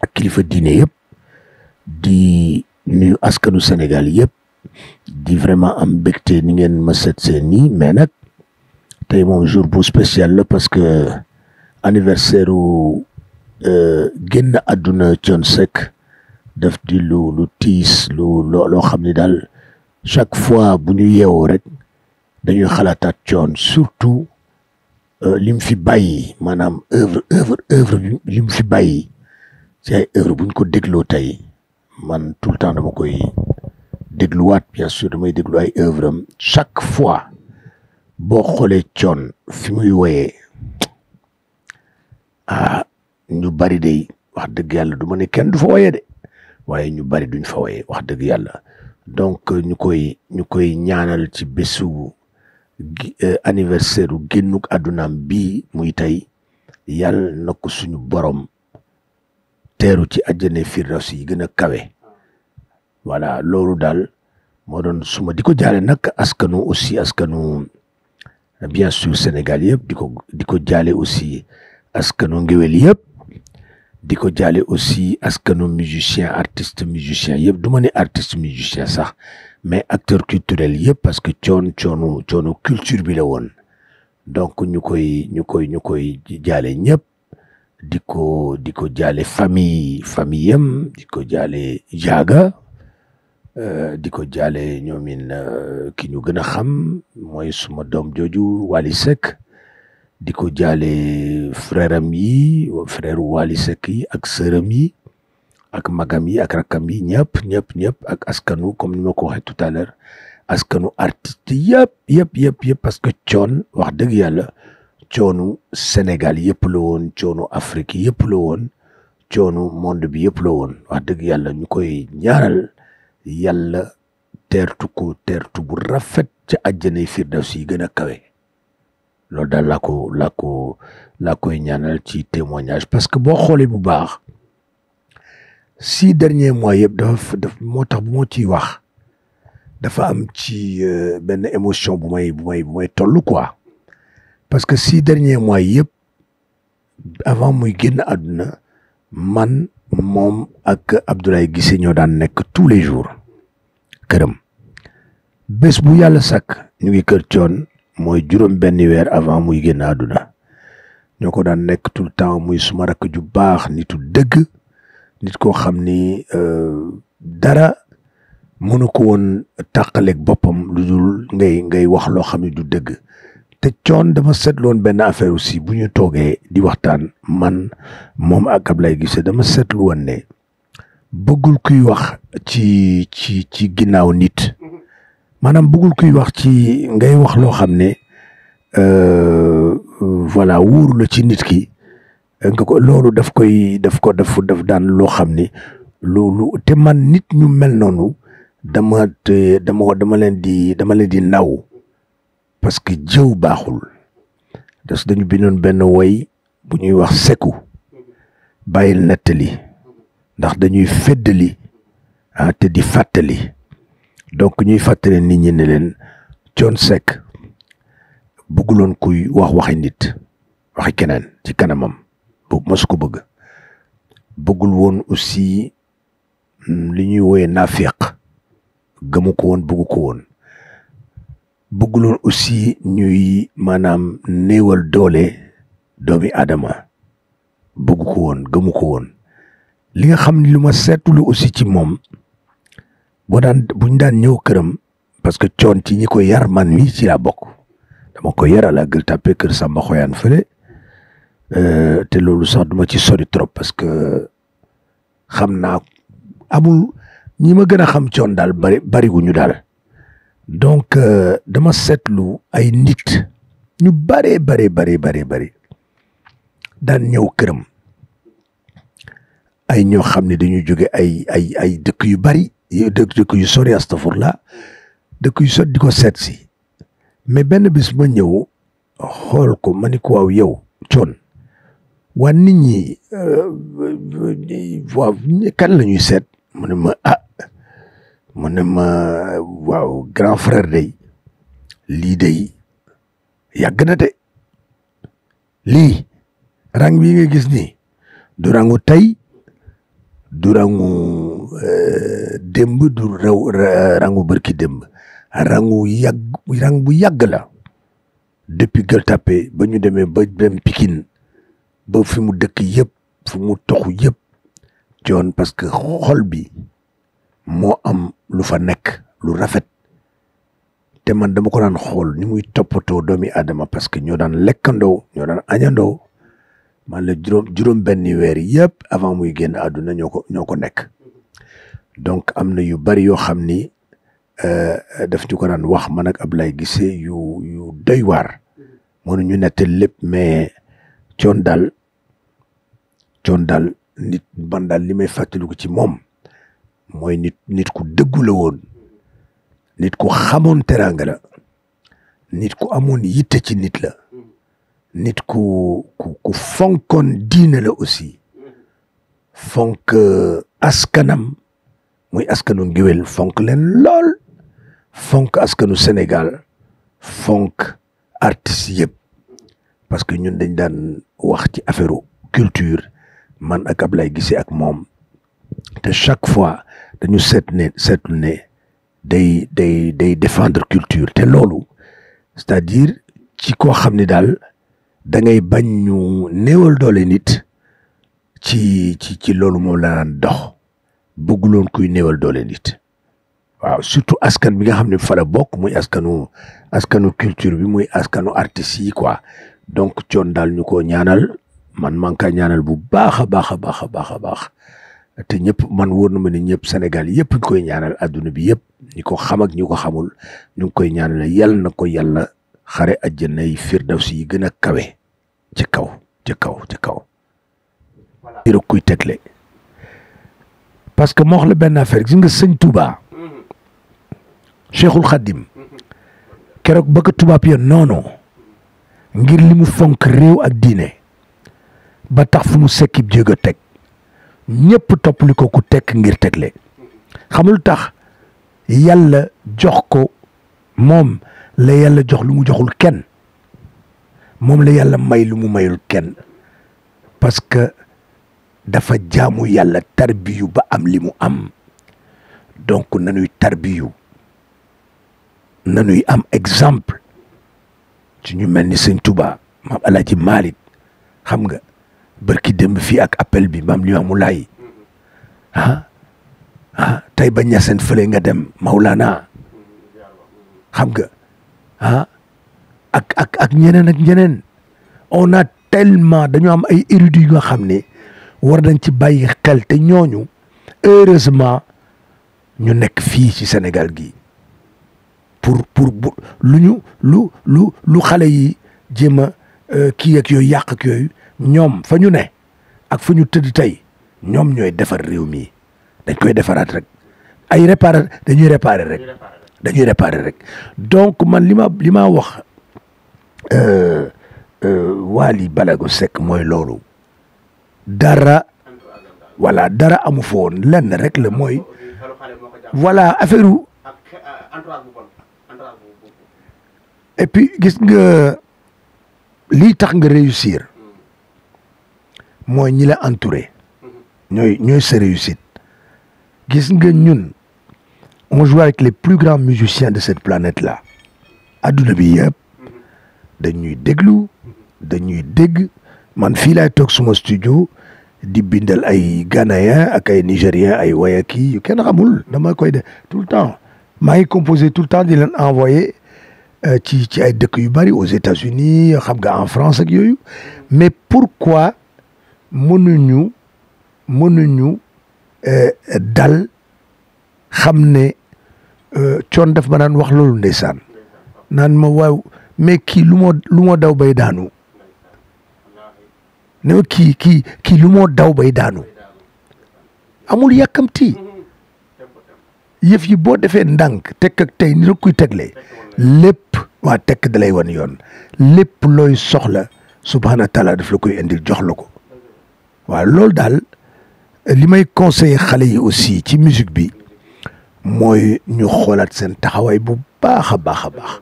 ak kilifa diine yëpp di nuyu askanu Sénégal yëpp di vraiment am mbégte ni ngeen ma seet seen nii mais nag tey moom jour bu spécial la parce que anniversaire u euh, génn àdduna Thione sec. def di lu lu tiis lu loo xam ni daal chaque fois bu ñu yeewoo rek dañuy xalaataat Thione surtout euh, lim fi bàyyi maanaam œuvre œuvre œuvre li mu fi bàyyi ci ay buñ ko dégloo tey man tout le temps dama koy dégluwaat bien sûr damay déglu ay œuvre am chaque fois boo xoolee coon fi muy woyee ah ñu bari day wax dëgg yàlla du ma ne kenn du fa woyee de waaye ñu bari duñ fa woyee wax dëgg yàlla donc ñu koy ñu koy ñaanal ci bésu euh, anniversaire u génnuk àddunaam bii muy tey yàlla na ko suñu borom teru ci aljane firdaws yi gëna kawé voilà loolu dal mo don suma diko jalé nak nag askanu aussi askanu bien sûr Sénégal yëpp diko ko di aussi askanu ngéwél yëpp diko jalé aussi askanu musicien artiste musicien yëpp duma né ne artiste musicien sax mais acteur culturel yëpp parce que coon coonu coonu culture bi la won donc ñukoy ñukoy ñukoy jalé ñu di ko di ko jaale famille famille am di ko jaale jaaga euh, di ko jaale ñoomin euh, ki ñu gën a xam mooy suma doom jooju Wali Seck di ko jaale frère am yi frère Wali Seck yi ak sëram yi ak magam yi ak rakkam yi ñëpp ñëpp ñëpp ak askanu comme ni ma ko waxee tout à askanu artiste yëpp yëpp yëpp yëpp parce que coon wax dëgg yàlla coonu Sénégal yëpp la woon coonu Afrique yëpp la woon coonu monde bi yëpp la woon wax dëgg yàlla ñu koy ñaaral yàlla teertu ko teertu bu rafet ca àjjanay firdaws yi gën a kawe loolu daal laa ko laa koy ñaanal ci témoignage parce que boo xoolee bu baax si dernier mois yëpp dafa moo tax bu moo ciy wax dafa am ci euh, benn émotion bu may bu may parce que si dernier mois yëpp avant muy guen aduna man mom ak Abdoulaye Guissé ñoo daan nek tous les jours kërëm bés bu yalla sak ñu ngi kër coon moy juróom benn wër avant muy guen aduna ñoo ko daan nek tout le temps muy suma rak ju baax nitu dëgg nit ko xamni euh dara mënu ko won takalek bopam lu dul ngay ngay wax lo xamni du dëgg te coon dama seetloon benn affaire aussi bu ñu toogee di waxtaan man moom ak ab lay Guissé dama seetlu woon ne bëggul kuy wax ci ci ci ginnaaw nit maanaam bëggul kuy wax ci ngay wax loo xam ne euh, voilà wóoru la ci nit ki nga ko loolu daf koy daf ko daf daf daan loo xam ni loolu te man nit ñu mel noonu dama te dama dama leen di dama leen di naw parce que jëw baaxul des dañu bindoon benn woy bu ñuy wax seku bàyyil nettali ndax dañuy feddali ah te di fàttali donc ñuy fàttali nit ñi ne leen Thione Seck bëgguloon kuy wax waxi nit waxi keneen ci kanamam bu mos ko bëgg bëggul woon aussi mm, li ñuy wooyee naafiq gëmu ko woon bëggu ko woon bëgg loolu aussi ñuy maanaam néewal doole doomi aadama bëgg ko woon gëmu ko woon li nga xam lu ma seetlu aussi ci moom boo daan ñu daan ñëw këram parce que coon ci ñi ko yar man mi ci laa bokk dama ko yaral a gël tàppe kër Samba Xoyaan fële euh, te loolu sax duma ci sori trop parce que xam naa amul ñi ma gën a xam coon daal bari bari gu ñu daal donc euh, dama seetlu ay nit ñu bare bare bare bare bare daan ñëw këram ay ñoo xam ne ay ay ay dëkk yu bari dëkk yu sori dëkk yu sori di mais benn bis ma ñëw xool ko ma ni ko waaw euh, kan la ñuy mu ne ma waaw grand frère day lii day yàgg na de lii rang bii nga gis ni du rangu tey du rangu euh, démb du rangu bërki demb rangu yàgg rang bu yàgg la depuis Gueule ba ñu demee ba dem Pikine ba fi mu dëkk yëpp fu mu toxu yëpp coon parce xol bi moo am lu fa nekk lu rafet te man dama ko daan xool ni muy toppatoo doomi aadama parce que ñoo daan lekkandoo ñoo daan añandoo man la juróom benni weer yëpp avant muy génn àdduna ñoo ko ñoo ko nekk donc am na yu bari yoo xam ni euh, daf ñu ko daan wax man ab lay Guissé yu yu doy waar mënuñu nettali lépp mais coon daal coon daal nit man daal li may fàttaliku ci moom mooy nit nit ku dëggu la woon nit ku xamoon teraanga nit ku amoon yitte ci nit la nit ku ku ku fonkoon diine la aussi fonk euh, askanam muy askanu ngéwél fonk leen lool fonk askanu Sénégal fonk artistes yëpp parce que ñun dañ daan wax ci affaire culture man ak Ablaye Guissé ak moom de chaque fois dañu nous cette cette ne day day day défendre culture té lolu c'est-à-dire ci ko xam dal da ngay bañ ñu néewal doole nit ci ci ci lolu mo la naan dox bëgguloon kuy néewal doole nit waaw surtout askan bi nga xam fa la muy askanu askanu culture bi muy askanu artiste yi quoi donc coon dal ñu ko ñaanal man man ka ñaanal bu baaxa baaxa baaxa baaxa te ñëpp man wóor na ma ne ñëpp Sénégal yëpp ñu koy ñaanal aduna bi yëpp ñi ko xam ak ñi ko xamul ñu koy ñaanal yàlla na ko yalla xaré àjjana yi firdaus yi gëna kawé kawe ci kaw ci kaw ci kaw. voilà rek kuy tegle parce que moo wax affaire gis nga seigne Touba. Mm-hmm. Cheikhul Khadim. Mm-hmm. kérok bëgg tubaab ya nono, ngir limu fonk réew ak diiné ba tax fu mu ñëpp toppali ko ku tekk ngir tegle xamul tax yàlla jox ko moom la yàlla jox lu mu joxul kenn moom la yàlla may lu mu mayul kenn parce que dafa jaamu yàlla tarbiyu ba am li mu am donc nanuy tarbiyu nanuy am exemple ci ñu mel ni sëñ Tuba maam ci Maalik xam nga bërki démb fii ak appel bi maam Limaamu Laay ah ah tey ba ñaseen fële nga dem Maulana xam nga ah ak ak ak ñeneen ak ñeneen on a tellement dañoo am ay érudits yu nga xam ne war nañ ci bàyyi xel te ñooñu heureusement ñu nekk fii ci senegal gi pour pour bu lu ñu lu lu lu xale yi jéem a euh, kii ak yooyu yàq ak yooyu ñoom fa ñu ne ak fu ñu tëdd tey ñoom ñooy defar réew mii dañ koy defaraat rek ay réparer dañuy réparer rek réparer rek donc man li ma li ma wax euh, euh, Wally Ballago Seck mooy loolu dara walla dara amu fa woon lenn rek la mooy voilà affaire u et gis nga lii tax nga réussir moy ñi la entouré ñoy ñoy sa réussite gis nga ñun on joue avec les plus grands musiciens de cette planète là aduna bi Denis dañuy déglu dañuy dégg man fi mon suma studio di bindal ay ghanéen ak ay nigérien ay wayaki yu kenn xamul dama koy de tout le temps tout le temps di leen envoyé euh, ci ci aux États-Unis xam nga en France ak yooyu mais pourquoi mën mënuñu mënuñu eh, dal xam ne eh, coon daf ma naan wax loolu ndeysaan naan ma waaw mais kii lu moo daw bay daanu ne kii kii kii lu moo daw bay daanu amul yàkkamti yëf yi boo defee ndànk tekk ak tey ni la kuy tegle lépp waa tekk da lay wan yoon lépp looy soxla subhaana taala daf la koy indil jox la ko waaw loolu daal li may conseiller xale yi aussi ci musique bi mooy ñu xoolaat seen taxawaay bu baax a baax a baax